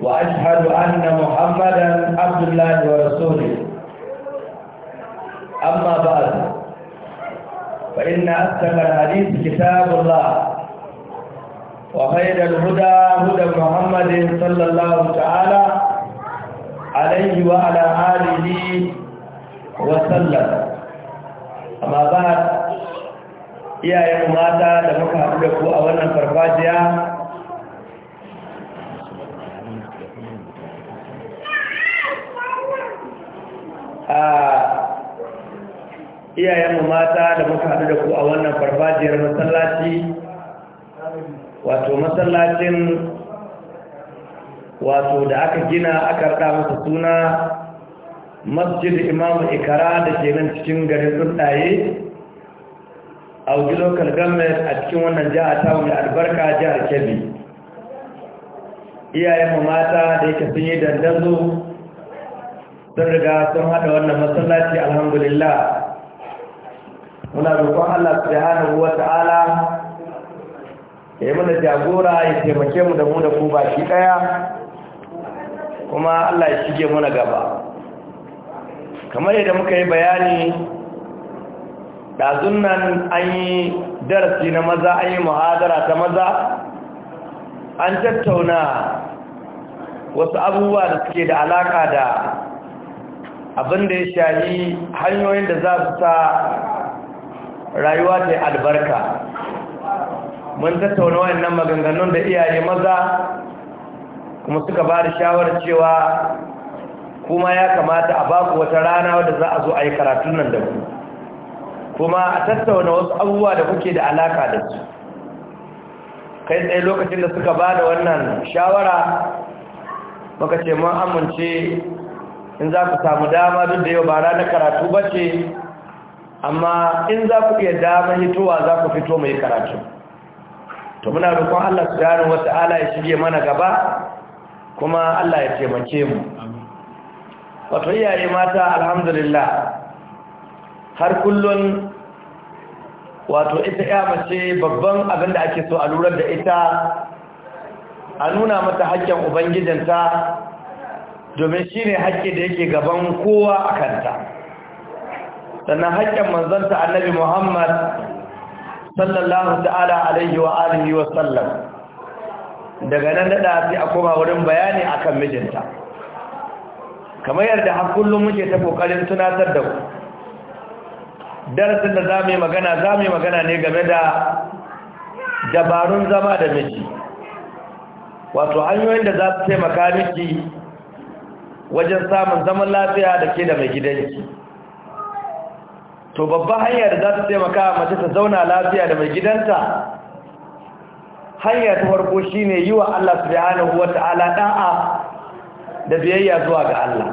وأشهد أن محمدا عبد الله ورسوله أما بعد فإن أصدق الحديث كتاب الله وخير الهدى هدى محمد صلى الله تعالى عليه وعلى آله وسلم أما بعد iyayen mata da muka haɗu da ku a wannan farfajiya a iyayenmu mata da muka haɗu da ku a wannan farfajiyar masallaci wato masallacin wato da aka gina aka rada masa suna masjid imamu ikara da ke nan cikin garin tsuntaye a wuji local government a cikin wannan jiha ta wani albarka jihar kebbi iyayenmu mata da yake sun yi dandazo don riga sun haɗa wannan masallaci alhamdulillah muna roƙon Allah su subhanahu ruwa ta'ala ya yi mana jagora ya taimake mu da mu da ku baki ɗaya kuma Allah ya shige muna gaba kamar yadda muka yi bayani ɗazun nan an yi darasi na maza an yi muhadara ta maza an tattauna wasu abubuwa da suke da alaƙa da Abin da ya shayi hanyoyin da za su sa rayuwa ta albarka mun tattauna wayannan maganganun da iyaye maza kuma suka ba da shawarar cewa kuma ya kamata a baku wata rana wadda za a zo a yi karatun nan da ku kuma a tattauna wasu abubuwa da kuke da alaka da su kai tsaye lokacin da suka ba da wannan shawara muka ce mun amince in za ku samu dama duk da yau ba ranar karatu ba ce amma in za ku iya dama hitowa za ku fito mai karatu to muna rukun Allah su gano wata ala ya shige mana gaba kuma Allah ya taimake mu wato iyaye mata alhamdulillah har kullun wato ita ya mace babban abin da ake so a lura da ita a nuna mata haƙƙin ubangijinta domin shi ne haƙƙi da yake gaban kowa a kanta sannan haƙƙin manzanta annabi muhammad sallallahu ta'ala alaihi wa alihi wa sallam daga nan da ɗafi a koma wurin bayani a kan mijinta kamar yadda har kullum muke ta ƙoƙarin tunatar da ku darasin da za mu yi magana za mu yi magana ne game da dabarun zama da miji wato hanyoyin da za su taimaka miki wajen samun zaman lafiya da ke da mai gidanki to babban hanya da za ta taimaka mace ta zauna lafiya da mai gidanta hanya ta farko shine yi wa Allah subhanahu wata'ala ɗa'a da biyayya zuwa ga Allah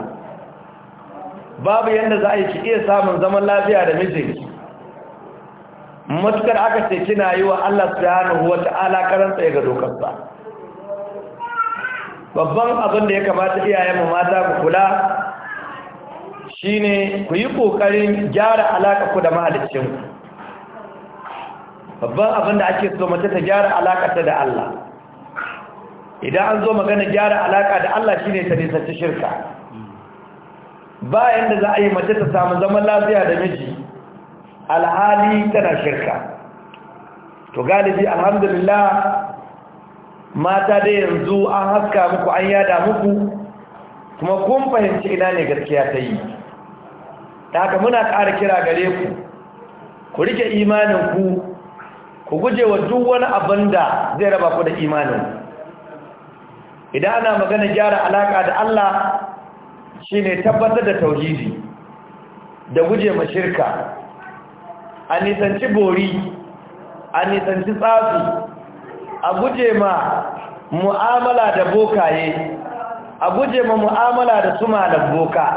babu yadda za a yi ki iya samun zaman lafiya da mijinki matukar aka ce kina yi wa Allah ala wata'ala karanta ga ba. babban abin da ya kamata iyayenmu mata ku kula shine ku yi ƙoƙarin gyara alaƙa ku da ku. babban abin da ake so mace ta gyara alaƙa da Allah idan an zo magana gyara alaka da Allah shine ta nisa ta shirka bayan da za a yi mace ta samu zaman lafiya da miji alhali tana shirka to galibi alhamdulillah mata da yanzu an haska muku an yada muku kuma kun fahimci ina ne gaskiya ta yi haka muna ƙara kira gare ku ku rike imaninku ku guje wa duk wani abin da zai raba ku da imanin. idan ana magana gyara alaƙa da Allah shi ne tabbatar da tauhidi da guje ma shirka a nisanci bori a nisanci tsafi a guje ma mu'amala da bokaye a guje ma mu'amala da su malam boka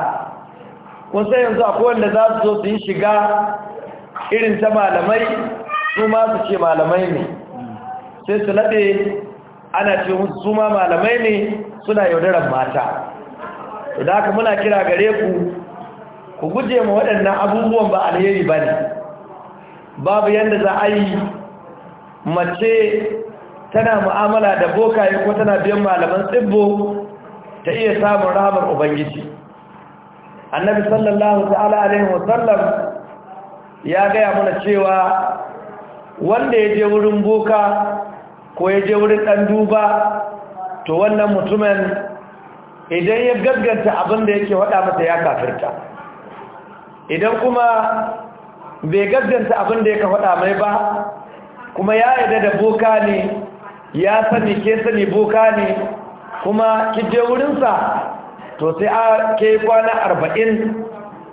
kun sai yanzu akwai wanda za su zo su yi shiga irin ta malamai su ma su ce malamai ne sai su nade ana ce su ma malamai ne suna yaudarar mata to da haka muna kira gare ku ku guje ma waɗannan abubuwan ba alheri ba ne babu yadda za a yi mace tana mu'amala da bokaye ko tana biyan malaman tsibbo ta iya samun rahamar ubangiji annabi sallallahu ta'ala alaihi wasallam ya gaya mana cewa wanda ya je wurin boka ko ya je wurin ɗan duba to wannan mutumin idan ya gagganta abin da yake waɗa masa ya kafirta idan kuma bai gagganta abin da yake waɗa mai ba kuma ya yada da boka ne ya sani ke sani boka ne kuma kije wurinsa to sai a ke kwana arba'in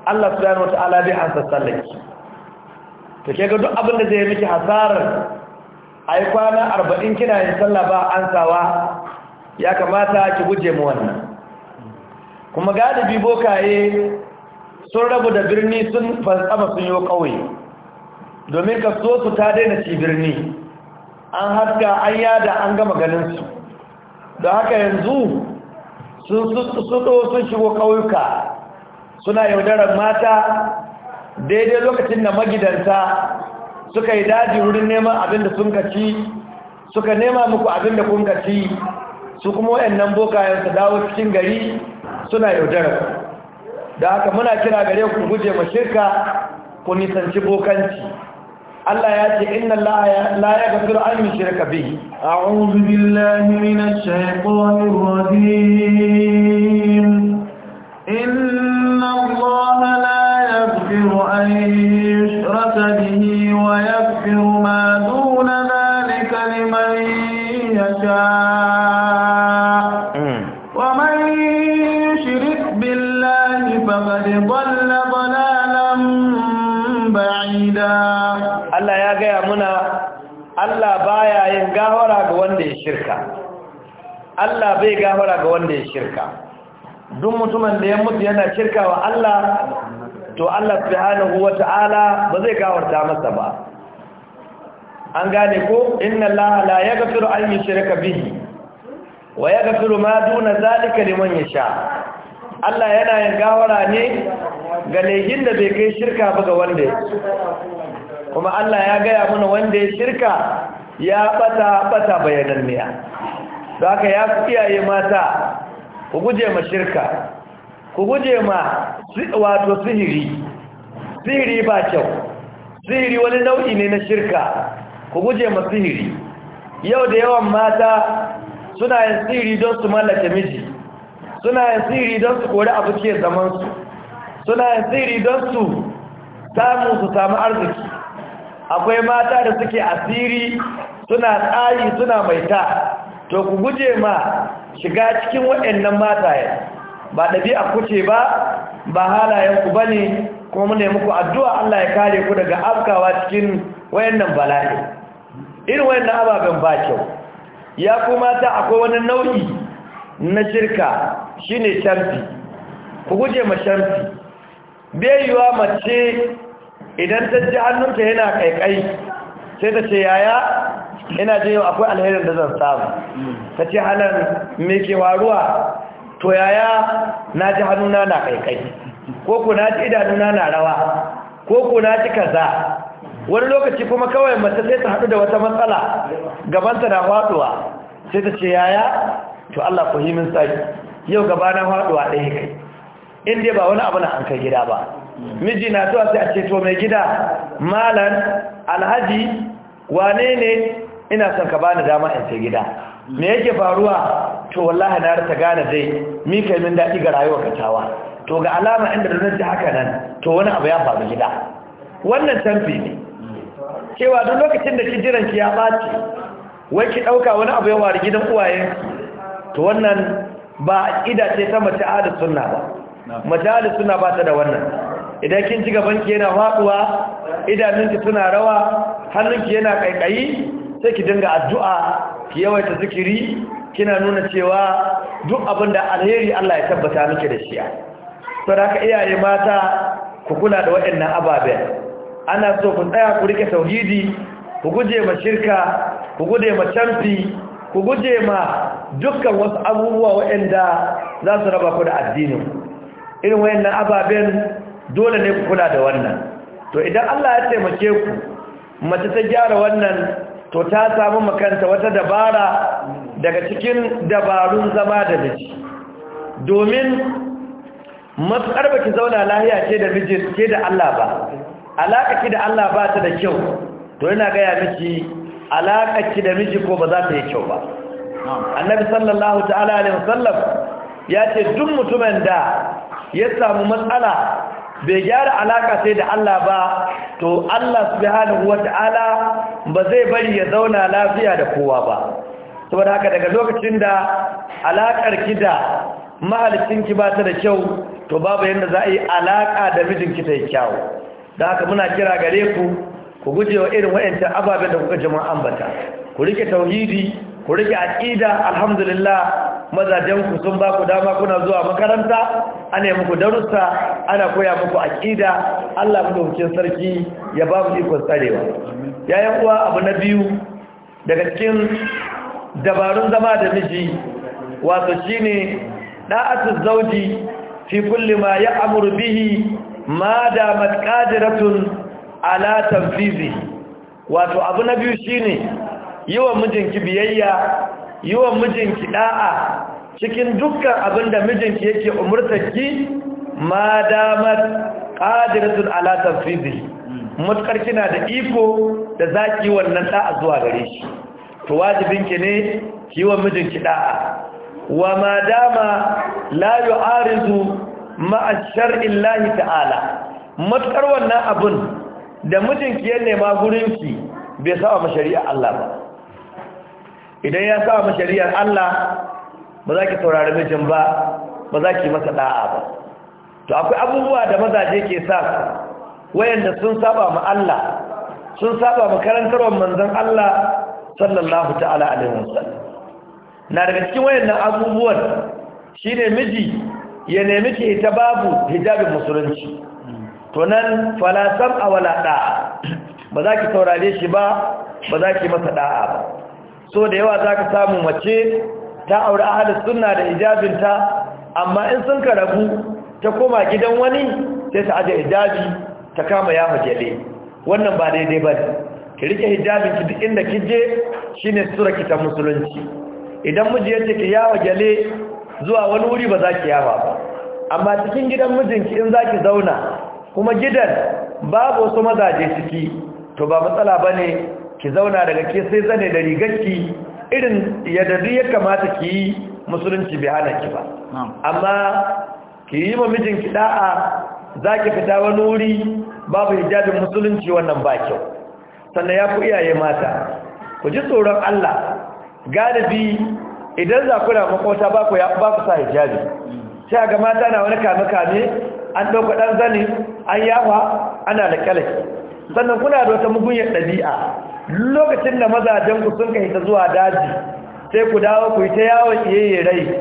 Allah subhanahu wata'ala bai hansa tsallaki to ke ga duk abin da zai miki hasarar a yi kwana arba'in kina yin sallah ba ansawa ya kamata ki guje mu wannan kuma galibi bokaye sun rabu da birni sun fasama sun yi ƙauye domin so su ta daina ci birni an haska an yada an gama ganinsu da haka yanzu sun suɗo sun shigo ƙauyuka suna yaudarar mata daidai lokacin da magidanta suka yi daji wurin neman abin da sun kaci suka nema muku abin da kun kaci su kuma wayannan bokayen su dawo cikin gari suna yaudarar da haka muna kira gare ku guje ma shirka ku nisanci bokanci الله ياتي ان الله لا يغفر ان يشرك به اعوذ بالله من الشيطان الرجيم ان الله لا يغفر ان يشرك به gafara ga wanda ya shirka Allah bai gafara ga wanda ya shirka duk mutumin da ya mutu yana shirka wa Allah to Allah subhanahu wata'ala ba zai gawarta masa ba an gane ko inna Allah la yaghfiru an yushrika bihi wa yaghfiru ma duna zalika liman yasha Allah yana yin gawara ne ga laifin da bai kai shirka ba ga wanda kuma Allah ya gaya mana wanda ya shirka ya bata bata za ka ya fi iyaye mata ku guje ma shirka ku guje ma wato sihiri sihiri ba kyau sihiri wani nau'i ne na shirka ku guje ma sihiri yau da yawan mata suna yin sihiri don su mallake miji suna yin sihiri don su kori abu ke zamansu suna yin sihiri don su samu su samu arziki akwai mata da suke asiri suna tsari suna maita to ku guje ma shiga cikin waɗannan mataye ba ɗabi'a kuce ba ba halayenku ku ne, kuma mu nemi ku addu'a Allah ya kare ku daga afkawa cikin wayannan bala'i irin wayannan ababen ba kyau ya ku mata akwai wani nau'i na shirka Shi ne shamfi ku guje ma shamfi bai mace idan ta ji hannunta yana kaikai sai ta ce yaya ina je yau akwai alherin da zan samu ta ce hannun me ke waruwa to yaya na ji hannuna na kaikai ko ku na ji idanuna na rawa ko ku na ji kaza wani lokaci kuma kawai mace sai ta haɗu da wata matsala gabanta na haɗuwa, sai ta ce yaya to Allah ku himin sai yau gaba na ɗaya kai inda ba wani abu na an kai gida ba miji na zuwa sai a ce to mai gida malan alhaji wane ne ina son ka bani dama in ce gida me yake faruwa to wallahi na rasa gane dai mi kai min daɗi ga rayuwa katawa to ga alama inda da zai haka nan to wani abu ya faru gida wannan tamfi ne cewa duk lokacin da ki ya ɓaci wai ki ɗauka wani abu ya wari gidan uwayen to wannan ba a ƙida ce ta mace ahalus sunna ba mace ahalus sunna ba ta da wannan idan kin ji gabanki yana faduwa idanunki suna rawa hannunki yana kaikayi sai ki dinga addu'a ki yawaita zikiri kina nuna cewa duk abin da alheri Allah ya tabbata miki da shi to da haka iyaye mata ku kula da waɗannan ababen ana so ku tsaya ku rike tauhidi ku guje ma shirka ku guje ma canfi ku guje ma dukkan wasu abubuwa waɗanda za su raba ku da addinin irin waɗannan ababen dole ne ku kula da wannan to idan Allah ya taimake ku mace ta gyara wannan to ta samu makanta wata dabara daga cikin dabarun zama da miji domin matsar ki zauna lahiya ce da miji ke da Allah ba alaka ki da Allah ba ta da kyau to yana gaya miki alaka ki da miji ko ba za ta yi kyau ba annabi sallallahu ta'ala alaihi wasallam ya ce duk mutumin da ya samu matsala bai gyara alaka sai da Allah ba to Allah subhanahu ta'ala ba zai bari ya zauna lafiya da kowa ba saboda haka daga lokacin da alakar kida da mahalicin ki ba ta da kyau to babu yadda za a yi alaka da mijinki ta yi kyau da haka muna kira gare ku ku gujewa irin wayancan ababen da kuka jama'an bata ku rike tauhidi ku rike aqida alhamdulillah Mazajenku sun ba ku dama kuna zuwa makaranta ana yi muku darussa ana koya muku aƙida Allah madaukakin sarki ya ba mu ikon tsarewa yayin uwa abu na biyu daga cikin dabarun zama da miji wato shine da'atu zauji fi kulli ma ya'muru bihi ma damat qadiratun ala tanfizi wato abu na biyu shine yi wa mijinki biyayya yi wa mijinki ɗa'a cikin dukkan abin da mijinki yake umurtarki ma damar qadiratun alatar tanfidhi Matuƙar kina da iko da zaki wannan ɗa'a zuwa gare shi to wajibinki ne ki wa mijinki ɗa'a. wa ma dama la arizu ma'a ta'ala Matuƙar wannan abun da mijinki ya nema gurinki bai sawa ma Allah ba idan ya sa mu shari'ar Allah ba za ki saurari mijin ba ba za ki masa da'a ba to akwai abubuwa da mazaje ke sa wayanda sun saba mu Allah sun saba mu karantarwar manzon Allah sallallahu ta'ala alaihi wasallam na daga cikin wayannan abubuwan shine miji ya nemi ki ta babu hijabin musulunci to nan falasam awala da'a ba za ki saurare shi ba ba za ki masa da'a ba so da yawa za ka samu mace ta aure ahalin suna da ijabinta amma in sun ka rabu ta koma gidan wani sai ta aje hijabi ta kama ya majale wannan ba daidai ba ne ki rike hijabin ki duk inda kije shine sura ki ta musulunci idan miji ya ce ki ya majale zuwa wani wuri ba za ki yawa ba amma cikin gidan mijinki in za ki zauna kuma gidan babu wasu mazaje ciki to ba matsala ba ne ki zauna daga ke sai zane da rigarki irin yadda ya kamata ki yi musulunci bai hana ki ba amma ki yi ma mijinki da'a za ki fita wani wuri babu hijabin musulunci wannan ba kyau sannan ya ku iyaye mata ku ji tsoron Allah galibi idan za ku na makwata ba ku sa hijabi sai ga mata na wani kame-kame an ɗauka ɗan zane an yawa ana da laƙe sannan kuna da wata mugunyar ɗabi'a lokacin da mazajen ku sun kai ta zuwa daji sai ku dawo ku yi ta yawon iyaye rai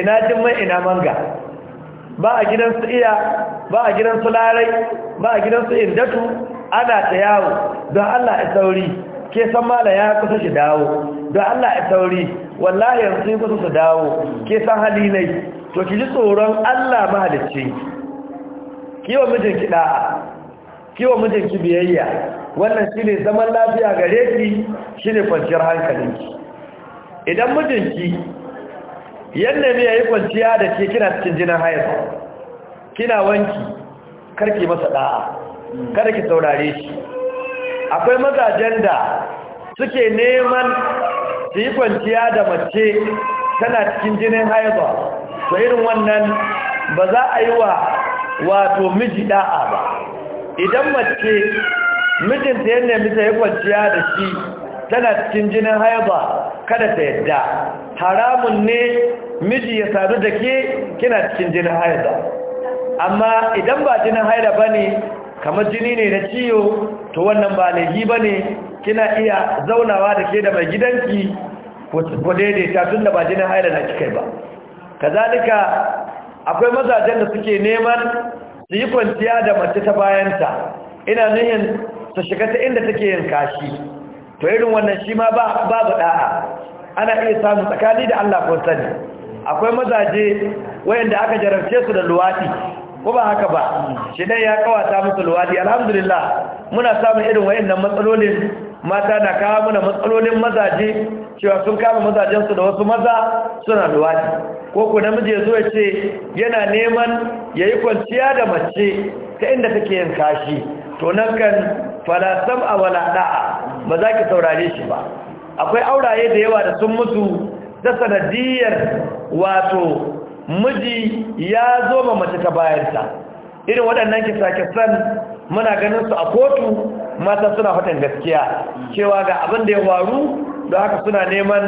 ina jin mai ina manga ba a gidan su iya ba a gidan su larai ba a gidan su indatu ana ta yawo don Allah ya sauri ke san mala ya kusa shi dawo don Allah ya sauri wallahi yanzu ya kusa su dawo ke san hali nai to ki ji tsoron Allah mahalicci kiwa mijinki da'a kiwa mijinki biyayya wannan shine zaman lafiya gare ki shine kwanciyar hankalinki idan mijinki yadda ne yi kwanciya da ke kina cikin jinin hayar kina wanki karki masa da'a kada ki saurare shi akwai mazajen da suke neman su yi kwanciya da mace tana cikin jinin haiba to irin wannan ba za a yi wa wato miji da'a ba idan mace mijinta ya nemi ta yi kwanciya da shi tana cikin jinin haiba kada ta yadda haramun ne miji ya sadu da ke kina cikin jinin haida amma idan ba jinin haida ba ne kamar jini ne na ciyo to wannan ba yi ba ne kina iya zaunawa da ke da mai gidanki ku daidaita tun da ba jinin haida na kikai ba kazalika akwai mazajen da suke neman su yi kwanciya da mace ta bayanta ina nuhin ta shiga ta inda take yin kashi to irin wannan shi ma babu da'a ana iya samu tsakani da Allah kun sani akwai mazaje wayanda aka jarabce su da luwadi ko ba haka ba shi dai ya kawata musu luwadi alhamdulillah muna samun irin wayannan matsalolin mata na kawo muna matsalolin mazaje cewa sun kama mazajen da wasu maza suna luwadi ko ku namiji ya zo ya ce yana neman yayi kwanciya da mace ta inda take yin kashi to nan kan fala a wala ba za ki saurare shi ba akwai auraye da yawa da sun mutu da sanadiyar wato miji ya zo ma mace ta bayansa irin waɗannan kisa-kisan muna ganin su a kotu mata suna fatan gaskiya cewa ga abin da ya waru don haka suna neman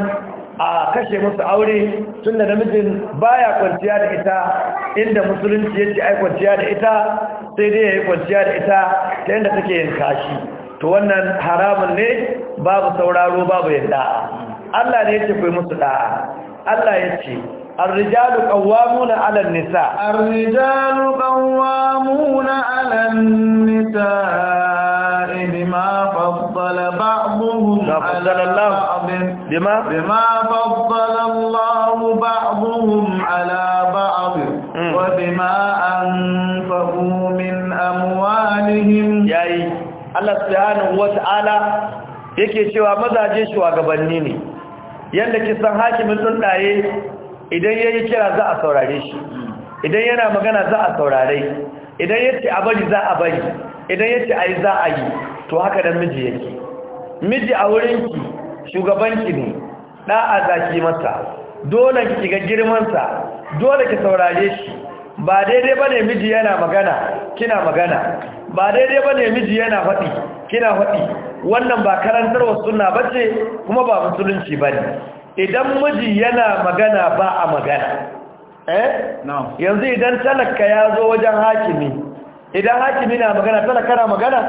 a kashe musu aure tun da namijin baya kwanciya da ita inda musulunci ya ce ai kwanciya da ita sai dai ya yi kwanciya da ita ta yadda take yin kashi to wannan haramun ne babu sauraro babu yadda Allah ne ya ce kai musu da'a Allah ya ce الرجال قوامون على النساء الرجال قوامون على النساء بما فضل بعضهم على الله بعض بما بما فضل الله بعضهم على بعض وبما أنفقوا من أموالهم ياي الله سبحانه وتعالى yake cewa mazaje shugabanni ne yanda kisan hakimin tsundaye idan ya yi kira za a saurare shi idan yana magana za a saurare idan ya a bari za a bari idan ya ce a yi za a yi to haka da miji yake miji a wurin wurinki shugabanki ne ɗa'a za ki masa dole ki ga girmansa dole ki saurare shi ba daidai ba ne miji yana magana kina magana ba daidai ba ne miji yana faɗi kina faɗi wannan ba karantarwa suna ba ce kuma ba musulunci ba ne idan miji yana magana ba a magana eh yanzu idan talaka ya zo wajen hakimi idan hakimi na magana talaka na magana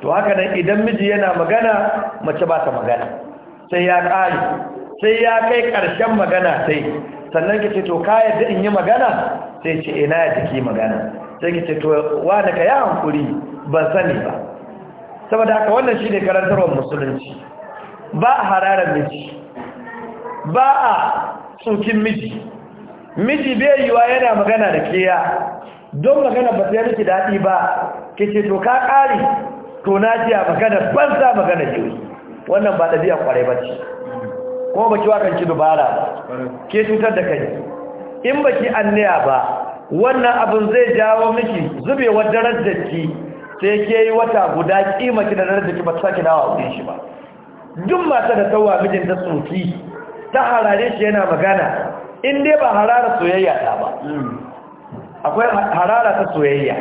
to haka nan idan miji yana magana mace ba ta magana sai ya kai sai ya kai karshen magana sai sannan kace to ka yadda in yi magana sai ce ina eh, ya jiki magana sai kace to wa da ka ya hankuri ban sani ba saboda haka wannan shine karantarwar musulunci ba hararar miji ba a tsokin miji miji bai yiwa yana magana da keya don magana ba ta miki daɗi ba ke ce to ka ƙari to na jiya magana ban sa magana jiyoyi wannan ba ɗabi'a kwarai ba ce kuma ba ki wa kanki dubara ke cutar da kai in ba ki annaya ba wannan abin zai jawo miki zubewar darajar ki sai ke yi wata guda kima ki da darajar ki ba ta sake a wurin shi ba duk mata da tawa mijin ta tsoki ta harare shi yana magana in dai ba harara soyayya ta ba akwai harara ta soyayya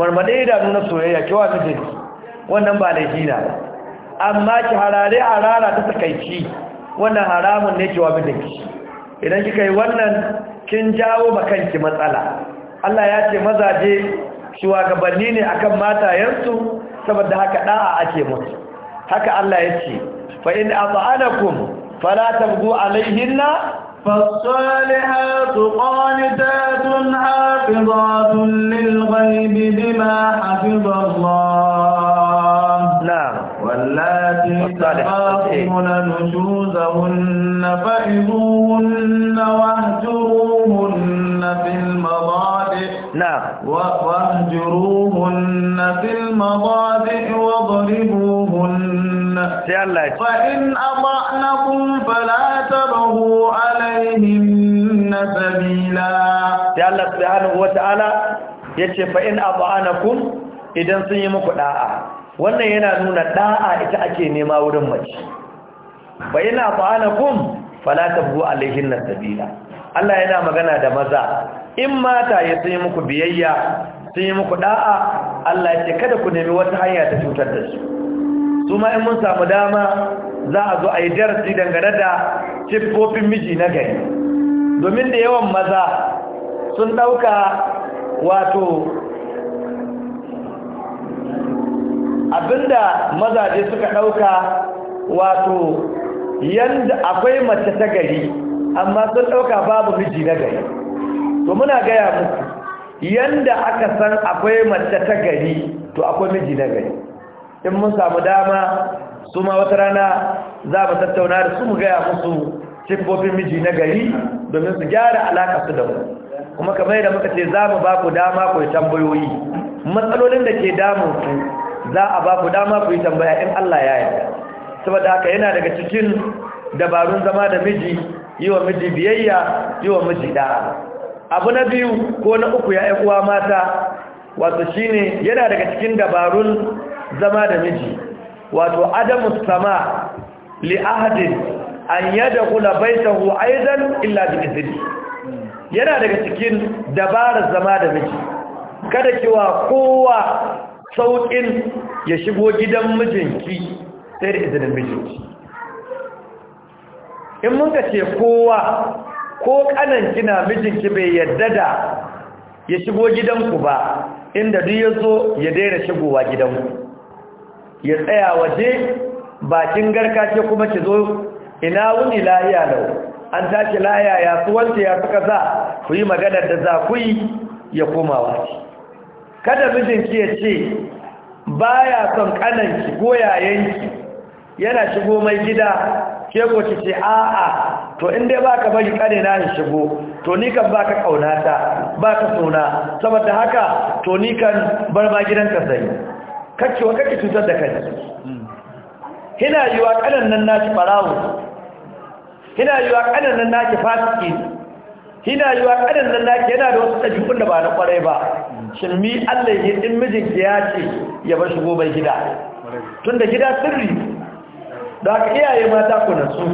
marmade da na soyayya kewa mijin wannan ba da gina ba amma ki harare harara ta takaici wannan haramun ne kewa mijinki idan kika yi wannan kin jawo makanki matsala Allah ya ce mazaje shugabanni ne akan matayensu saboda haka da'a ake mutu. haka Allah ya ce fa in ata'anakum فلا تبغوا عليهن فالصالحات قانتات حافظات للغيب بما حفظ الله نعم واللاتي تخافون إيه؟ نشوزهن فإذوهن واهجروهن في المضاجع نعم واهجروهن في المضاجع واضربوهن sai Allah ya ce in fala tabahu alaihim sai Allah subhanahu yace fa in idan sun yi muku da'a wannan yana nuna da'a ita ake nema wurin mace fa in abanakum fala tabahu alaihim nasbila Allah yana magana da maza in mata ya sun yi muku biyayya sun yi muku da'a Allah ya ce kada ku nemi wata hanya ta cutar da su su ma in mun samu dama za a zo a yi darasi dangane da siffofin miji na gari domin da yawan maza sun ɗauka wato abinda mazaje suka ɗauka wato yanda akwai mace ta gari amma sun ɗauka babu miji na gari to muna gaya muku yanda aka san akwai mace ta gari to akwai miji na gari in mun samu dama su ma wata rana za mu tattauna da su mu gaya musu cikin miji na gari domin su gyara alaka su da mu kuma kamar yadda muka ce za mu ba ku dama ku yi tambayoyi matsalolin da ke damun ku za a ba ku dama ku yi tambaya in Allah ya yarda saboda haka yana daga cikin dabarun zama da miji yi wa miji biyayya yi wa miji da abu na biyu ko na uku ya uwa mata wato shine yana daga cikin dabarun zama da miji wato adamu sama li ahadin an yadkhula baytahu aidan illa bi izni yana daga cikin dabarar zama da miji kada kiwa kowa saukin ya shigo gidan mijinki sai da izinin mijinki in mun ka ce kowa ko kanan kina mijinki bai yadda da ya shigo gidanku ba inda duk yazo ya daina shigowa gidanku ya tsaya waje bakin garka ce kuma ki zo ina wuni lahiya lau an tashi lahiya ya su wance ya fi za ku yi maganar da za ku yi ya koma wace kada mijinki ya ce ba ya son kananki ko yayanki yana shigo mai gida ke ko ce a'a to inda ba ka bari kare na in shigo to ni kan ba ka kaunata ba ka sona saboda haka to ni kan bar ma gidanka sai wa kake cutar da kai hina yiwa kanan nan naki farawo hina yiwa kanan nan naki fasiki hina yiwa kanan nan naki yana da wasu tajibun da ba na kwarai ba shin mi Allah ya din mijin ya ce ya bar shigo bai gida tunda gida sirri da ka iyaye mata ku su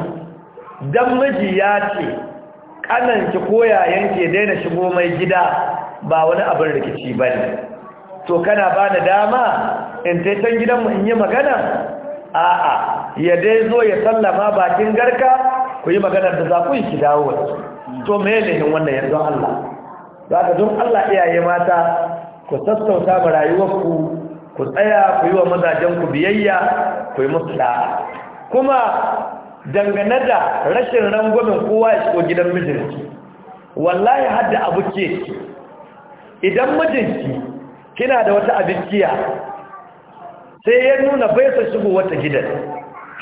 dan miji ya ce kanan ki koyayen ke daina shigo mai gida ba wani abin rikici bane to kana bani dama in ce can gidanmu in yi magana a'a ya dai zo ya sallama bakin garka ku yi magana da za ku yi ki dawo to me ne wannan yanzu Allah za ka don Allah iyaye mata ku sassauta ma rayuwarku ku tsaya ku yi wa mazajenku biyayya ku yi musu da'a kuma dangane da rashin rangwamen kowa ya shigo gidan mijinki wallahi hadda abu ke idan mijinki kina da wata abinkiya sai ya nuna bai sa shigo wata gidan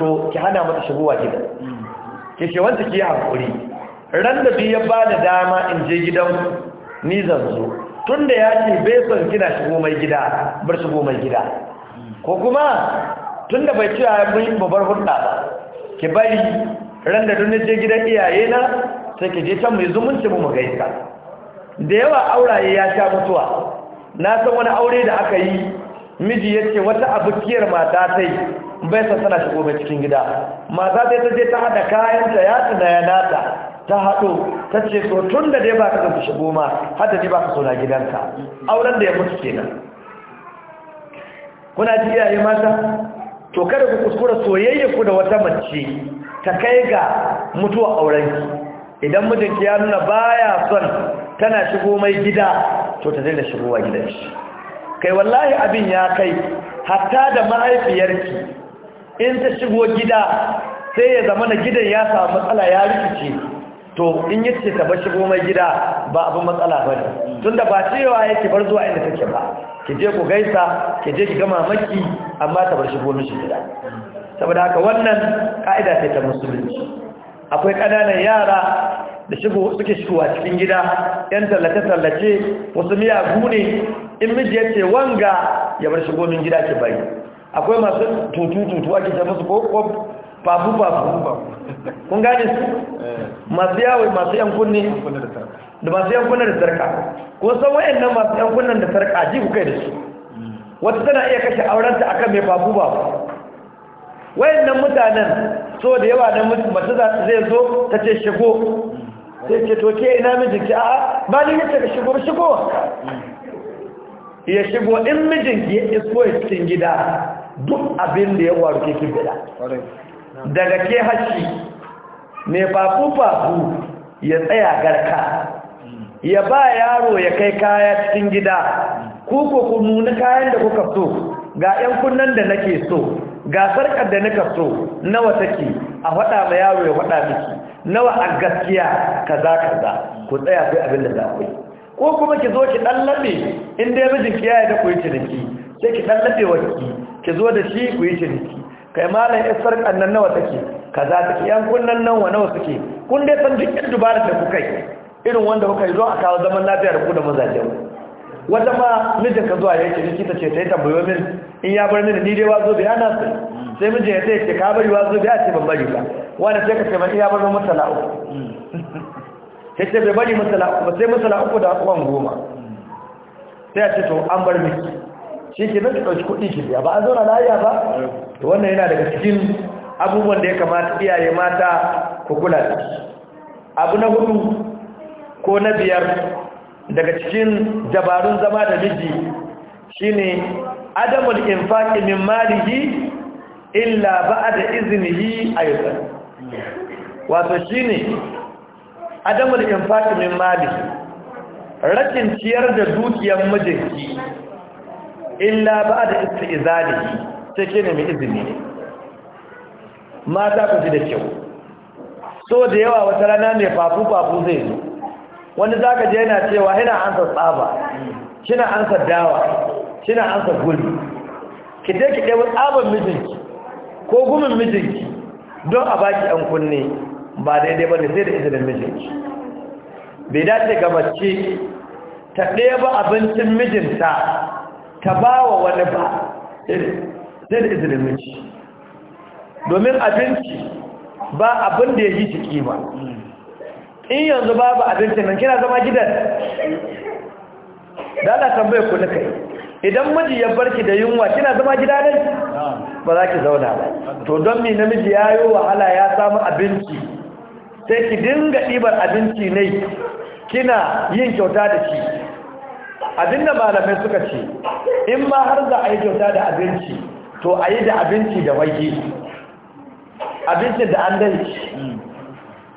to ki hana mata shigowa gidan ki ce wanda ki yi haƙuri ran da ya ba da dama in je gidan ni zan zo tun da ya ce bai son kina shigo mai gida bar shigo mai gida ko kuma tun da bai cewa ya yi babbar hudda ba ki bari ran da dunin je gidan iyaye na sai ki je can mai zumunci mu gaisa da yawa auraye ya sha mutuwa na san wani aure da aka yi miji ya ce wata abokiyar mata ta yi bai san tana shigo mai cikin gida mata sai ta je ta haɗa kayanta ya tuna ya nata ta haɗo ta ce to tun da dai ba ka zanta shigo ma har da dai ba ka sona gidanka auren da ya mutu kenan kuna ji iyaye mata to kada ku kuskura soyayya ku da wata mace ta kai ga mutuwa aurenki idan mijinki ya nuna baya son tana shigo mai gida to ta daina shigowa gidan shi kai wallahi abin ya kai hatta da mahaifiyarki in ta shigo gida sai ya zama na gidan ya samu matsala ya rikice to in yace ta ba shigo mai gida ba abin matsala ba ne da ba cewa yake bar zuwa inda take ba ki je ku gaisa ki je ki gama maki amma ta bar shigo mishi gida saboda haka wannan ka'ida ce ta musulunci akwai ƙananan yara da shigo suke shigowa cikin gida yan tallace-tallace wasu miya ne in miji yace ce wanga ya bar shigo min gida ke bari akwai masu tutu-tutu ake ce musu ko babu babu. kun gane su masu yawo masu yan kunne da masu yan kunne da sarka ko san wayannan masu yan kunnen da sarka ji ku kai da su wata tana iya kashe aurenta akan mai babu babu. wayannan mutanen so da yawa da mace zai zo ta ce shigo sai ce to ke ina mijinki a ba ni yace ka shigo shigo ya shigo in mijinki ya isko ya cikin gida duk abin da ya waru ke kin daga ke hashi mai fafu fafu ya tsaya garka ya ba yaro ya kai kaya cikin gida ku ku nuna kayan da kuka so ga 'yan kunnan da nake so ga sarƙar da nika so nawa take a faɗa ma yaro ya faɗa miki nawa a gaskiya kaza kaza ku tsaya sai abin da za ku yi ko kuma ki zo ki dan labe in dai mijin ki yaya da ku yi ciniki sai ki dan labe waki ki zo da shi ku yi ciniki kai malam ya sarƙar nan nawa take kaza take yan kunnan nan wa nawa suke kun dai san duk dubara da kuka yi irin wanda kuka yi zo a kawo zaman lafiya da ku da mazajen wata ma mijin ka zuwa yake likita ce ta yi tambayo min in ya bar mini ni dai wazo biya ana su sai mijin ya sai ce ka bari wazo biya ce ban bari ba wanda sai ka ce ma iya bari masala uku ya ce bai bari masala uku ba sai masala uku da kwan goma sai a ce to an bar miki shi ke nan ka ɗauki kuɗi ki biya ba an zauna lafiya ba wannan yana daga cikin abubuwan da ya kamata iyaye mata ku kula da abu na hudu ko na biyar daga cikin dabarun zama da miji shi ne, adamul infaqi min malihi illa ba a da a yi aidan wato ne adamul infaqi min malihi rashin ciyar da dukiyar mijinki illa ba a da ba'da istizalihi sai ke nemi izini mata ku ji da kyau so da yawa wata rana mai fafu fafu zai zo wani za ka je yana cewa yana ansa tsaba kina ansa dawa kina ansa gudu. ki je ki ɗewa tsaban mijinki ko gumin mijinki don a baki an kunne ba daidai ba da sai da izinin mijinki bai dace ga mace ta ɗeba abincin mijinta ta ba wa wani ba sai da izinin miji domin abinci ba abin da ya yi ciki ba in yanzu babu abinci nan kina zama gidan da ana tambaye ku na kai idan miji ya barki da yunwa kina zama gida ne ba za ki zauna ba to don mi namiji ya yi wahala ya samu abinci sai ki dinga ɗibar abinci ne kina yin kyauta da shi abinda malamai suka ce in ma har za a yi kyauta da abinci to a yi da abinci da waje abincin da an dai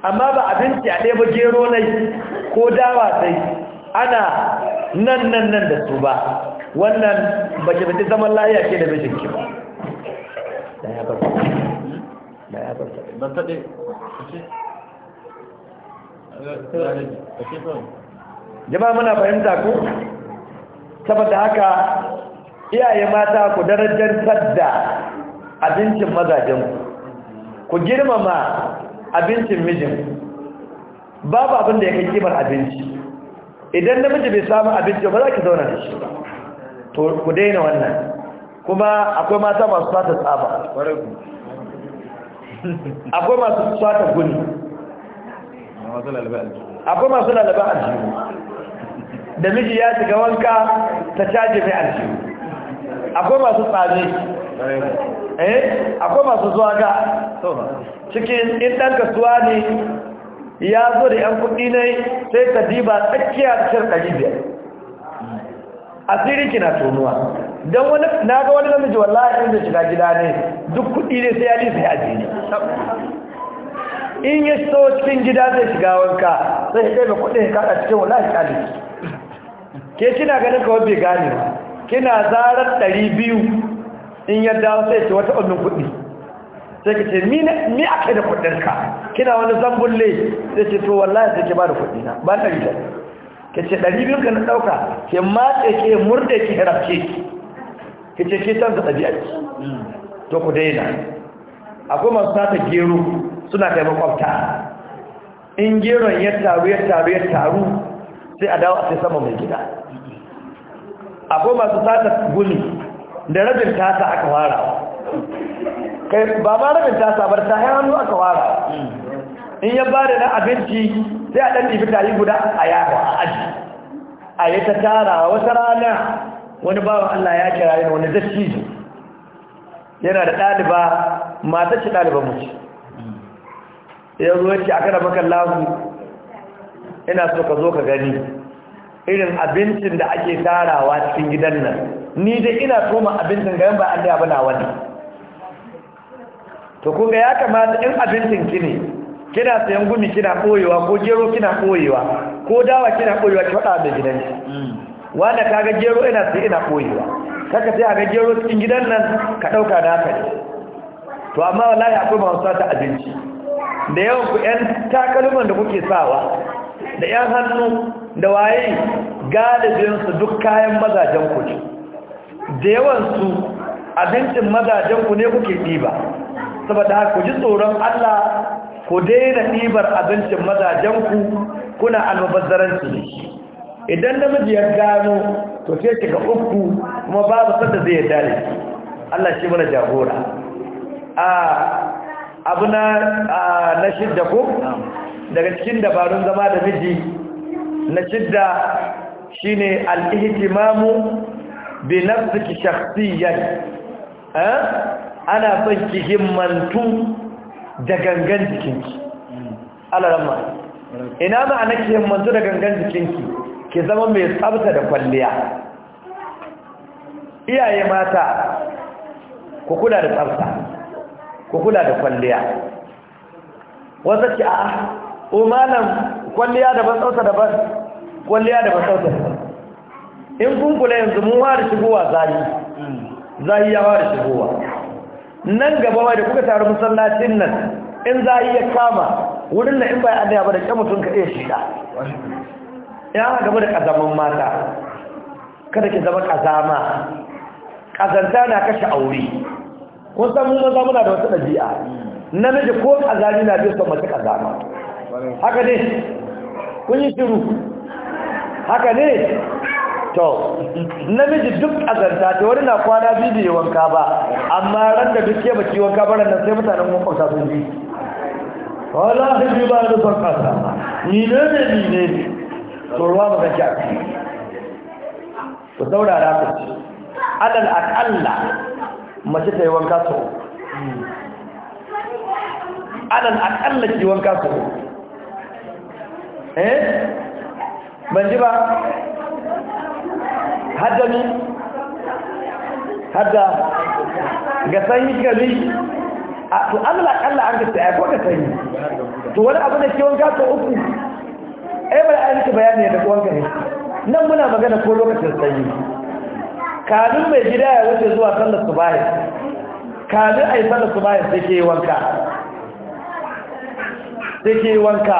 amma ba abinci a ɗaya ba gero nai ko dawa sai ana nan nan nan da su ba wannan ba ki fiti zaman lafiya ke da mijinki ba da ya da ya jama'a muna fahimta ku saboda haka iyaye mata ku darajar sadda abincin ku. ku girmama abincin mijin babu abin da ya kai kimar abinci idan mijin bai samu abinci ba za ki zauna da shi ba to ku daina wannan kuma akwai mata masu fata tsaba akwai masu fata guni akwai masu lalaba aljihu da miji ya shiga wanka ta caje mai aljihu akwai masu tsaje eh akwai masu zuwa ga cikin idan kasuwa ne ya zo da 'yan kudi ne sai ka diba tsakiya da shirka A asiri kina tonuwa don wani na ga wani namiji wallahi inda da shiga gida ne duk kudi ne sai ya lisa ya ajiye in ya so cikin gida zai shiga wanka sai ya ɗaya kuɗin ya kaɗa cikin wallahi ƙali ke kina ganin kawai bai gane kina zarar ɗari biyu in yadda dawo sai ce wata ɓannin kuɗi sai ka ce ni a kai da kuɗinka kina wani zambulle sai ce to wallahi sai ke ba da kuɗina ba ɗari da ka ce ɗari biyu ka na ɗauka ke matse ke murɗe ki harafce ka ce ke canza ɗabi'a ki to ku daina akwai masu sata gero suna kai makwabta in geron ya taru ya taru ya taru sai a dawo a sai sama mai gida akwai masu sata gumi da rabin tasa aka wara kai ba ma rabin tasa bar ta yi hannu aka wara in ya ba da na abinci sai a ɗan fita yi guda a yawa a aji a yi ta tara wata rana wani bawan Allah ya kira yana wani zafi yana da ɗaliba mata ce ɗaliban mace ya zo ce a kada maka ina so ka zo ka gani irin abincin da ake tarawa cikin gidan nan ni dai ina toma abincin ga ba an da bana wani to kun ga ya kamata in abincin ki ne kina sayan gumi kina koyewa ko gero kina koyewa ko dawa kina koyewa ki faɗa da gidan ki wanda kaga gero ina sai ina koyewa kaka sai ga gero cikin gidan nan ka dauka da haka to amma wallahi akwai masu ta abinci da yawan ku 'yan takalman da kuke sawa da 'yan hannu da waye galibinsu duk kayan mazajen ku ne da yawansu abincin mazajen ku ne kuke ɗiba saboda ku ji tsoron Allah ku daina ɗibar abincin mazajen ku kuna almubazzaranci ne idan namiji ya gano to sai ki ga uku kuma babu sanda zai yarda Allah shi mana jagora a abu na na shidda ku daga cikin dabarun zama da miji na jidda shine al-ihtimamu bi nafsiki shakhsiyan eh ana son ki himmantu da gangan jikinki alarama ina ma'ana ki himmantu da gangan jikinki ki zama mai tsabta da kwalliya iyaye mata ku kula da tsabta ku kula da kwalliya Wasu ce a umalan kwalliya daban tsauta daban kwalliya daban tsauta daban in kun kula yanzu mun fara shigowa zahi zahi ya fara shigowa nan gaba wai da kuka taru masallacin nan in zahi ya kama wurin da in bai adaya ba da kyan mutum ka iya shiga ya gaba da kazaman mata kada ki zama kazama kazanta na kashe aure kun san mun maza muna da wata ɗabi'a namiji ko kazani na biyo son mace kazama haka ne kun yi shiru haka ne to namiji duk azanta ta wani na kwana biyu da yi wanka ba amma ran da duk yaba ki wanka baran nan sai mutanen makwabta sun ji wala ji ba da son ta ni ne ne ni ne to ruwa ba zaki a ciki ku saurara ku ci alal akalla mace ta yi wanka su alal akalla ki wanka su eh ban ji ba hadda ni hadda ga sanyi kali a to Allah kalla an gasta ya ko ga sanyi to wani abu da ke wanka uku ai eh, bar an ki bayani da wanka ne nan muna magana ko lokacin sanyi kamin mai gida ya wuce zuwa sallar subahi kamin ai sallar bayan sai ke yi wanka sai ke yi wanka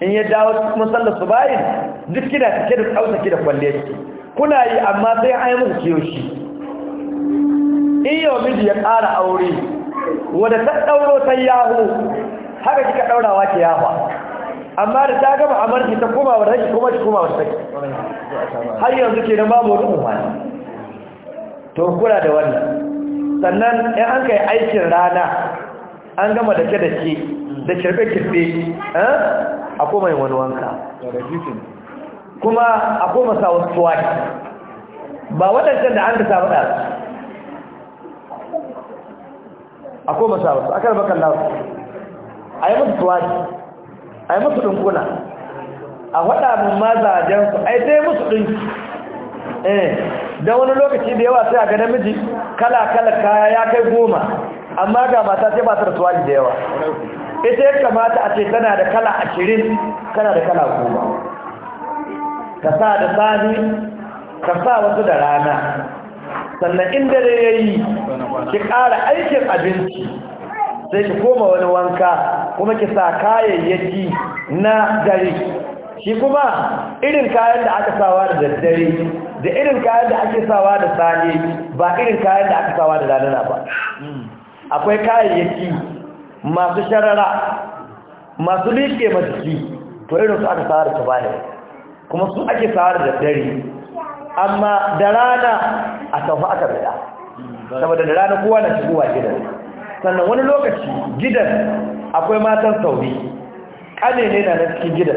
in ya dawo cikin sallar su bayin duk kina cike da tsautaki da kwalle kuna yi amma sai an yi kiyo shi. in yau miji ya ƙara aure wadda ta ɗauro ta yahu haka kika ɗaurawa ke yahu amma da ta gama amarki ta koma wadda take kuma ta koma wadda take har yanzu ke nan babu wani umarni to kula da wannan sannan in an kai aikin rana an gama da ke da ke da kirbe-kirbe eh? a koma yin wani wanka kuma a koma sa wasu tuwaki ba waɗancan da an da samu ɗansu a koma sa wasu akar bakan lafi a yi musu tuwaki a yi musu ɗinkuna a faɗa min mazajensu a yi dai musu ɗinki eh don wani lokaci da yawa sai a ga namiji kala-kala kaya ya kai goma amma ga mata sai ba su da tuwaki da yawa ita ya kamata a ce tana da kala ashirin kana da kala goma ka sa da sani ka sa wasu da rana sannan inda da ya yi ki ƙara aikin abinci sai ki koma wani wanka kuma ki sa kayayyaki na dare shi kuma irin kayan da aka sawa da daddare da irin kayan da ake sawa da sani ba irin kayan da aka sawa da rana ba akwai kayayyaki masu sharara masu liƙe ci, to irin su aka sahara ta bayan kuma su ake sahara da dare amma da rana a tafi aka bida saboda da rana kowa na shigowa gidan sannan wani lokaci gidan akwai matan sauri ƙane ne na cikin gidan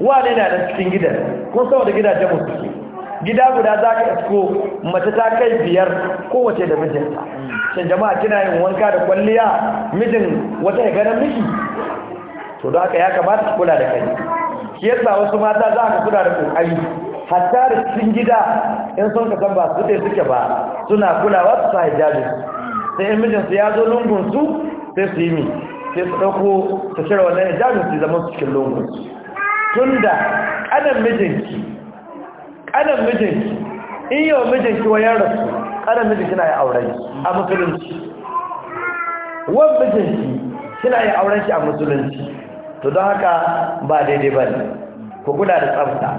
wane na cikin gidan kun saboda gidajen musu gida guda za ka isko mace ta kai biyar kowace da mijinta shin jama'a kina yin wanka da kwalliya mijin wata ya ganin miki to da haka ya kamata ki kula da kai shi yasa wasu mata za ka kula da kokari hatta da cikin gida in sun ka san ba su dai suke ba suna kulawa su sa hijabi sai in mijinsu ya zo lungun su sai su yi mi sai su ɗauko su shirya wannan hijabin su zama cikin lungun tunda ƙanan mijinki kanan mijinki in yi wa mijinki wa yaron su kanan mijinki na yi auren a musulunci wan mijinki suna yi auren shi a musulunci to don haka ba daidai ba ne ku guda da tsafta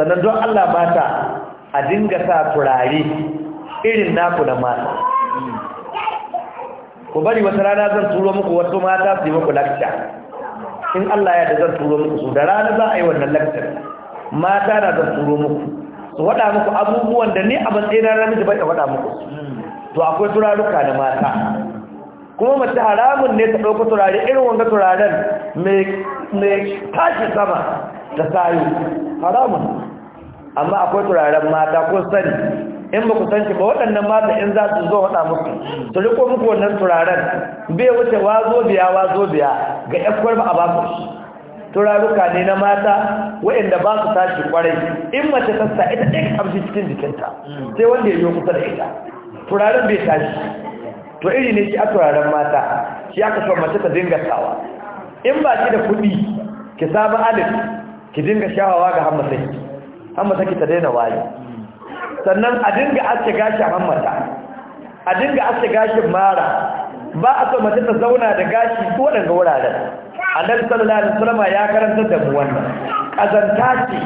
sannan don allah mata a dinga sa turare irin naku da mata ku bari wata rana zan turo muku wasu mata su yi muku lakta in allah ya da zan turo muku su da rana za a yi wannan lakta mata na da tsoro muku su waɗa muku abubuwan da ne a matsayin namiji bai da waɗa muku to akwai turaruka na mata kuma mace haramun ne ta ɗauka turare irin wanga turaren mai tashi sama da sayo haramun amma akwai turaren mata ko sani in ba ku san ba waɗannan mata in za su zo waɗa muku su riko muku wannan turaren bai wuce wazo biya wazo biya ga ƴakwar ba a ba su turaruka ne na mata waɗanda ba su tashi kwarai in mace ta sa ita ɗin kamshi cikin jikinta sai wanda ya yi kusa da ita turaren bai tashi to iri ne shi a turaren mata shi aka so mace ta dinga sawa in ba ki da kuɗi ki saba alif ki dinga shawawa ga hammata ki ki ta daina waye sannan a dinga aske gashin hammata a dinga aske gashin mara ba a so mace ta zauna da gashi ko waɗanda wuraren annabi sallallahu alaihi wasallam ya karanta da mu wannan kazanta ce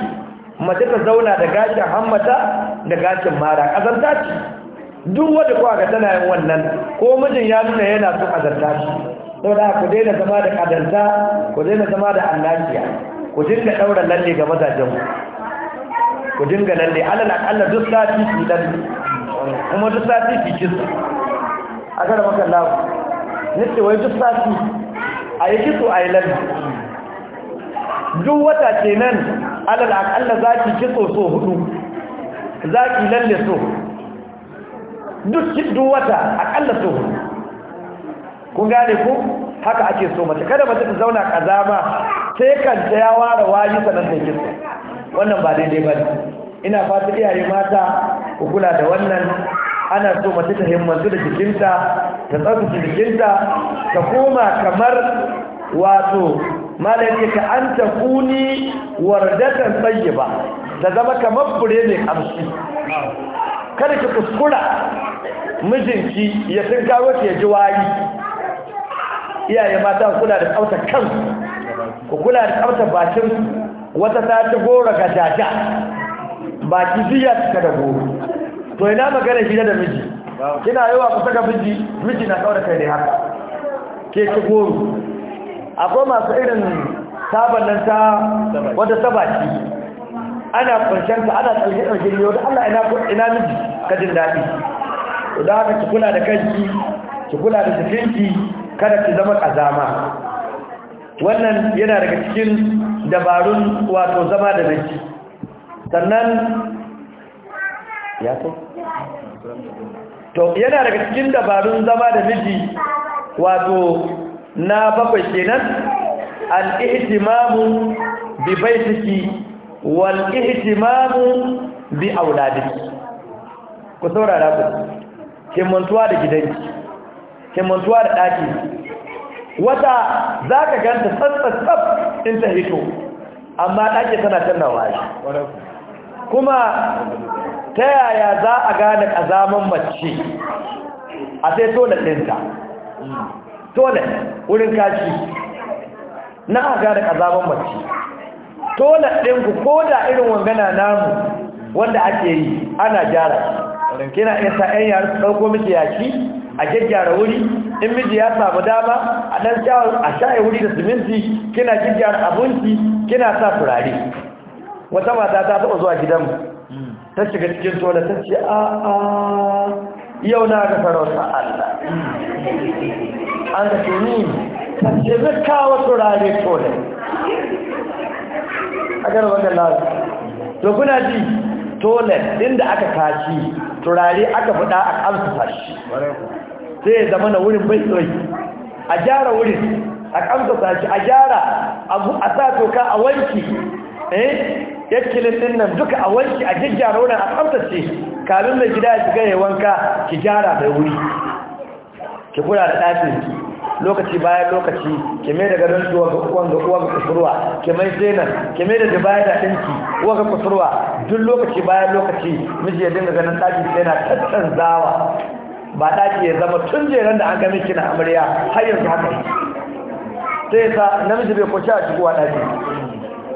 mace ta zauna da gashin hammata da gashin mara kazanta ce duk wanda kuwa ga tana yin wannan ko mijin ya nuna yana so kazanta ce saboda ku daina zama da kazanta ku daina zama da annabiya ku dinga daura lalle ga mazajen ku dinga lalle alal akalla duk sati ki dan kuma duk sati ki kisa akara kada maka lawo nace wai duk sati Ayi yi kitso a yi lalba duk wata ce nan alal za ki kitso so hudu za ki lalle so duk duk wata akalla so hudu kun gane ku haka ake so mace kada mace ta zauna kazama sai kanta ya ware wayi sanan da kitso wannan ba daidai ba ina fata iyaye mata ku kula da wannan ana so mace ta himmantu da jikinta ta tsarkace jikinta ka koma kamar wato malami ka an tafuni wardatan tayyiba da zama kamar fure mai amshi kada ki kuskura mijinki ya tinka kawo ya ji wayi iyaye mata kula da tsauta kan ku kula da tsauta bakin wata ta ci gora ga jaja baki biya ka da goro to ina magana gida da miji kina yawa ku saka miji miji na kaura kai ne haka ke ci akwai masu irin sabon nan ta wata sabaki ana kwanshanta ana tsalge jirgin ne wata allah ina miji kajin jin daɗi to da haka ki kula da kanki ki kula da jikinki kada ki zama ƙazama wannan yana daga cikin dabarun wato zama da miji sannan ya to yana daga cikin dabarun zama da miji wato na bakwai kenan al-ihtimamu bi baitiki wal ihtimamu bi auladiki ku saurara ku kimantuwa da gidanki kimantuwa da daki wata zaka ganta tsatsatsaf in ta hito amma daki tana tannawa shi kuma ta yaya za a gane kazaman mace a sai to da ɗinta Tole wurin kashi na aka da kazaban mace tole ɗin ku ko da irin wangana namu wanda ake yi ana gyara kina iya sa ƴan yara su ɗauko miki yaki a gyaggyara wuri in miji ya samu dama a ɗan a shaye wuri da siminti kina gyaggyara abinci kina sa turare wata mata ta taɓa zuwa gidanmu ta shiga cikin tole ta ce a yau na ga farauta Allah an da ke ni ta ce zaka wasu rane tole a gara wajen lafi to kuna ji tole inda aka kashi turare aka fuda a kamsa shi sai ya zama na wurin bai tsoyi a gyara wurin a kamsa shi a gyara a sa toka a wanki eh yakilin din nan duka a wanki a gyaggyara wurin a tsaftace kamin mai gida ya shiga ya wanka ki gyara da wuri ki kula da ɗakin lokaci bayan lokaci ki mai da garin tuwa ga kuwan ga uwan kusurwa ki mai zenar ki mai da dubaya da ɗinki uwa ga kusurwa duk lokaci bayan lokaci miji ya dinga ganin ɗakin tattan tattanzawa ba ɗaki ya zama tun jeren da an ga miki na amarya har yanzu haka sai sa namiji bai kwanci a shigowa ɗaki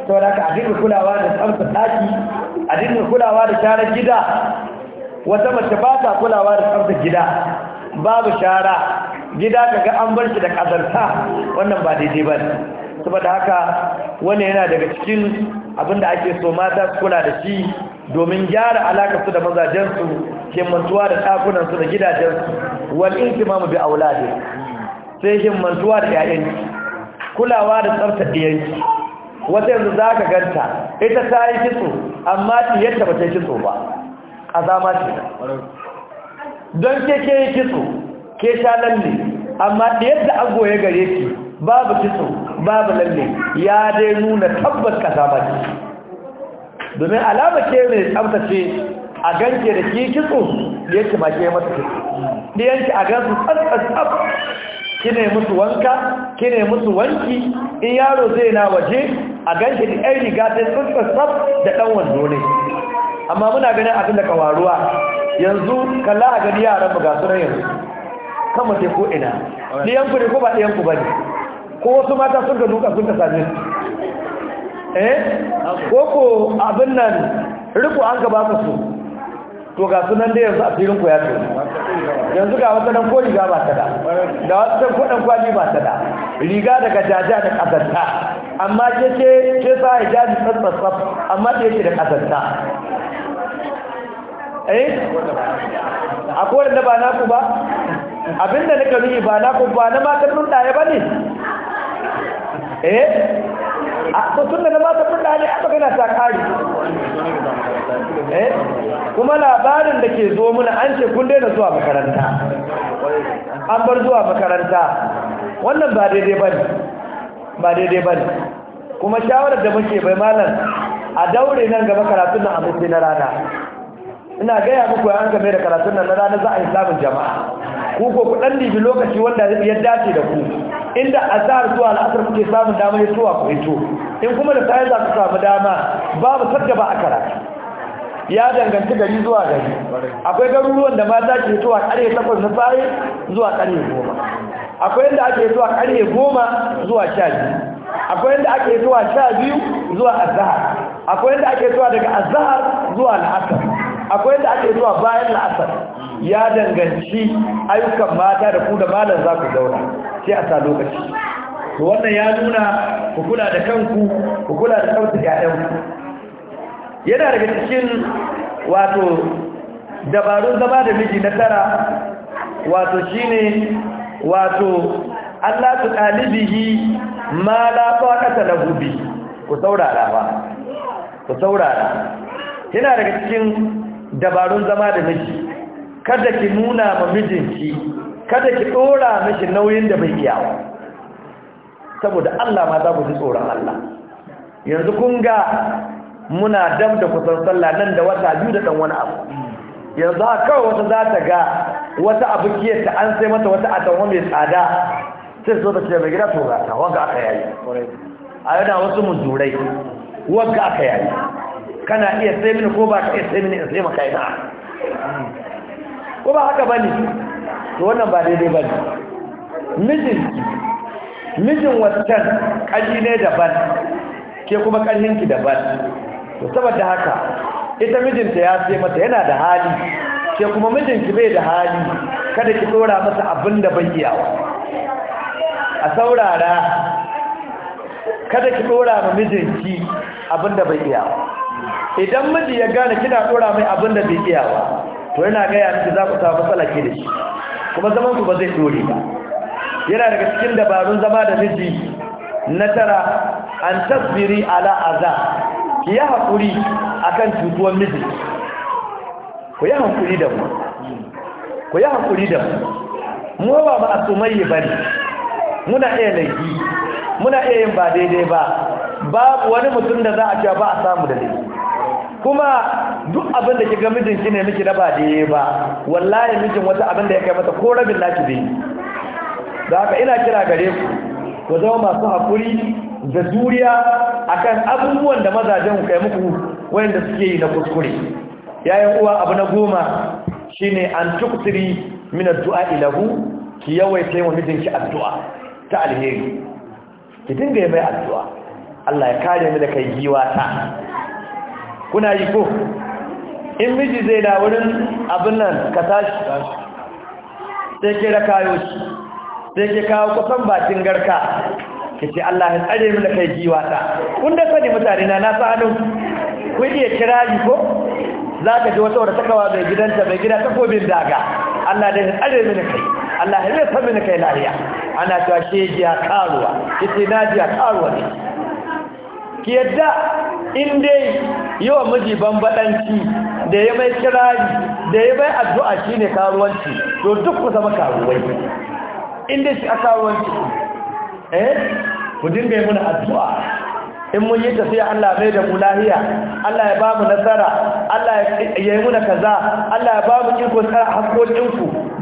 sau da ka adinka kulawa da tsamsa ɗaki adinka kulawa da sharar gida wata mace ba ta kulawa da tsamsa gida babu shara gida kaga an bar shi da kazarta wannan ba daidai ba saboda haka wannan yana daga cikin abinda ake so mata su kula da shi domin gyara alaƙa su da mazajensu himmantuwa da ɗakunansu da gidajensu wal intimamu bi auladi sai himmantuwa da 'ya'yanki kulawa da tsaftar ɗiyanki wata yanzu za ka ganta ita ta yi kitso amma ɗiyarta ba ta yi kitso ba zama ce don ke ke yi kitso ke sha lalle amma ɗiyar da an goye gare ki babu kitso babu lalle ya dai nuna tabbas zama ce domin alama ke mai tsabtace a ganke da ke kitso ɗiyarki ba ke mata kitso ɗiyarki a gansu tsab kine musu wanka kine musu wanki in yaro zai na waje a ganshi da ɗan riga ta tsantsatsaf da ɗan wando ne amma muna ganin abin da kawaruwa yanzu kalla a gani yaran ba ga sunan yanzu kan mutum ko ina ɗiyan ku ne ko ba ɗiyan ku ba ne ko wasu mata sun ga duka sun ta same su eh ko ko abin nan riko an gaba ka su to ga sunan da yanzu a filin ku ya ce yanzu ga wata dan ko ga ba ta da da wata dan dan kwali ba ta da riga daga jaja da kasanta amma ke ce ke sa hijabi tsatsatsaf amma ke ce da kasanta eh akwai da ba na ku ba abinda nika nuyi ba na ku ba na matan nun ɗaya ba ne eh a tun da na ba ta kuɗa ne aka gana ta kari eh? kuma labarin da ke zo muna an ce kun daina zuwa makaranta an bar zuwa makaranta wannan ba daidai ba ba daidai ba kuma shawarar da muke bai malam a daure nan gaba karatun nan a mutu na rana ina gaya muku ya an game da karatun nan na rana za a yi samun jama'a ku ko ku ɗan dibi lokaci wanda ya dace da ku inda azhar zuwa al'asar kuke samun dama ya zuwa ku hito in kuma da sai za ku samu dama babu sadda ba a karatu ya danganci gari zuwa gari akwai garuruwan da mata ke zuwa karye 8 na sai zuwa karye 10 akwai inda ake zuwa karye 10 zuwa 12 akwai inda ake zuwa 12 zuwa azhar akwai inda ake zuwa daga azhar zuwa al'asar akwai inda ake zuwa bayan al'asar ya danganci ayyukan mata da ku da malam za ku zauna sai a sa lokaci to wannan ya nuna ku kula da kanku ku kula da kanku ku yana daga cikin wato dabarun zama da miji na tara wato shine wato Allah su talibihi ma la ƙasa na gubi ku saurara ba ku saurara yana daga cikin dabarun zama da miji kada ki nuna ma mijinki kada ki dora miki nauyin da bai kiyawa, saboda Allah ma za ku ji tsoron Allah yanzu kun ga muna dab da kusan sallah nan da wata biyu da dan wani abu yanzu haka kawai wata za ta ga wata abu ta an sai mata wata atamwa mai tsada sai zo ta ce mai gida ta wanga aka yayi a yana wasu muzurai wanga aka yayi kana iya sai mini ko ba ka iya sai mini in sai maka ina ko ba haka bane to wannan ba daidai bane mijin mijin wancan kalli ne daban ke kuma kallinki daban to saboda haka ita mijinta ya sai mata yana da hali ke kuma mijinki bai da hali kada ki tsora masa abin da bai iyawa a saurara kada ki tsora ma mijinki abin da bai iyawa idan miji ya gane kina tsora mai abin da bai iyawa to yana gaya miki za ku samu matsala ke da shi kuma zaman ku ba zai dore ba yana daga cikin dabarun zama da miji na tara an tasbiri ala aza ki yi haƙuri akan cutuwan miji ku yi haƙuri da mu ku yi haƙuri da mu mu ba ba a ba ne muna iya laifi muna iya yin ba daidai ba babu wani mutum da za a cewa ba a samu da laifi kuma duk abin da ga mijinki ne miki na ba da ba wallahi mijin wata abin da ya kai mata ko rabin ki bi? da haka ina kira gare ku ku zama masu haƙuri da juriya akan abubuwan da mazajen kai muku wayanda suke yi na kuskure yayin uwa abu na goma shine an tukuri min addu'a ilahu ki yawaita mijin mijinki addu'a ta alheri ki dinga yi mai addu'a Allah ya kare mu da kai giwa ta kuna yi ko in miji zai na wurin abin nan ka tashi sai ke da kayo shi sai ke kawo kusan bakin garka ka ce Allah ya tsare mini kai jiwa ta kun da sani mutane na nasa hannu kun iya kira yi ko za ka ji wata wata takawa mai gidanta mai gida ta kobin daga Allah da ya tsare mini kai Allah ya zai mini kai lariya ana cewa shegiya karuwa ita na jiya karuwa ne ki yadda in dai wa miji bambadanci da ya mai kirari da ya mai addu'a shine karuwanci to duk ku zama karuwai in dai shi a karuwanci eh ku dinga yi muna addu'a in mun yi tafiya Allah mai da mu lahiya Allah ya ba mu nasara Allah ya yi muna kaza Allah ya ba mu iko tsara hakkokin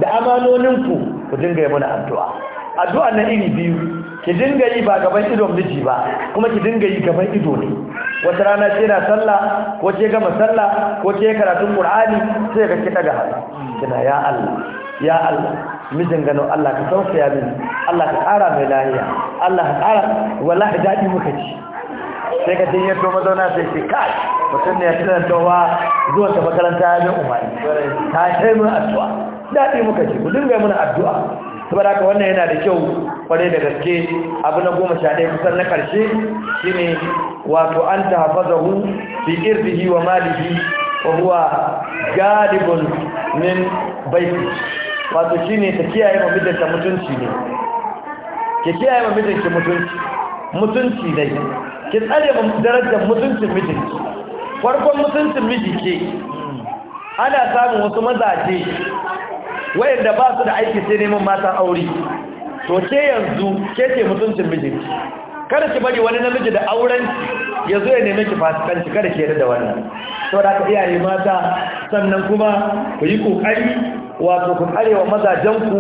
da amanoninku, ku ku dinga yi muna addu'a addu'a na iri biyu ki dinga yi ba gaban ido miji ba kuma ki dinga yi gaban ido ne wata rana ce na sallah ko ce gama sallah ko ce karatun qur'ani sai ka kiɗa ga hannu kina ya Allah ya Allah mijin gano Allah ka ya mini Allah ka ƙara mai lahiya Allah ka ƙara wallahi daɗi muka ci sai ka dinga to mazauna sai ce kai mutum ne ya tana tawa zuwa ta makaranta ya mai umari ta kai mun addu'a daɗi muka ci ku dinga mana addu'a saboda haka wannan yana da kyau kwarai da gaske abu na goma sha ɗaya kusan na ƙarshe shi ne wato an ta zahu fi irdihi wa malihi wa huwa galibun min baiki wato shi ne ta kiyaye ma mijinta mutunci ne ki kiyaye ma mijinki mutunci mutunci ne ki tsare ma darajar mutuncin mijinki farkon mutuncin miji ke ana samun wasu mazaje wayanda ba su da aiki sai neman matan aure to ke yanzu ke ce mutuncin mijinki kada ki bari wani namiji da auren ya zo ya neme ki fasikanci kada ki yarda da wannan da ka iyaye mata sannan kuma ku yi kokari wato ku tsare wa mazajen ku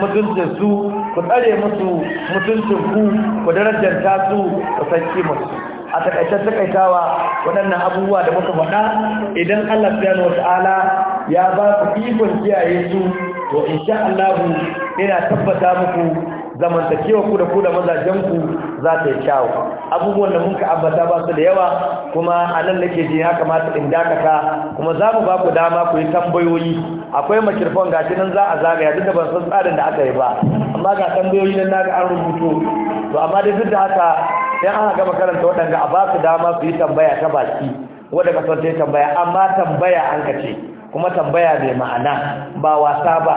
mutuncin su ku tsare musu mutuncin ku ku darajanta su ku sanki musu a takaice takaitawa waɗannan abubuwa da muka faɗa idan Allah subhanahu ya ba ku ikon kiyaye su to insha Allah ina tabbata muku zamantakewa ku da ku da mazajen ku za ta yi kyawu abubuwan da mun ka ambata ba su da yawa kuma a nan nake ji ya kamata in dakata kuma za mu ba ku dama ku yi tambayoyi akwai makirfon gashi nan za a zagaya duk da ban san tsarin da aka yi ba amma ga tambayoyi nan naga an rubuto to amma dai duk da haka sai an gama karanta waɗanda a ba su dama su yi tambaya ta baki wadda kasance tambaya amma tambaya an kace kuma tambaya mai ma'ana ba wasa ba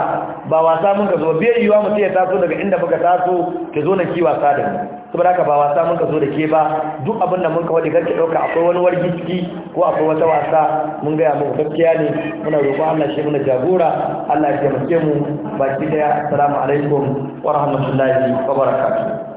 ba wasa mun ka zo biye yiwa mu ya taso daga inda muka taso ke zo na ki wasa da mu saboda haka ba wasa mun ka zo da ke ba duk abin da mun ka wadi garke dauka akwai wani wargiski ko akwai wata wasa mun ga mu gaskiya ne muna roƙo Allah shi muna jagora Allah ya taimake mu baki daya assalamu alaikum wa rahmatullahi wa barakatuh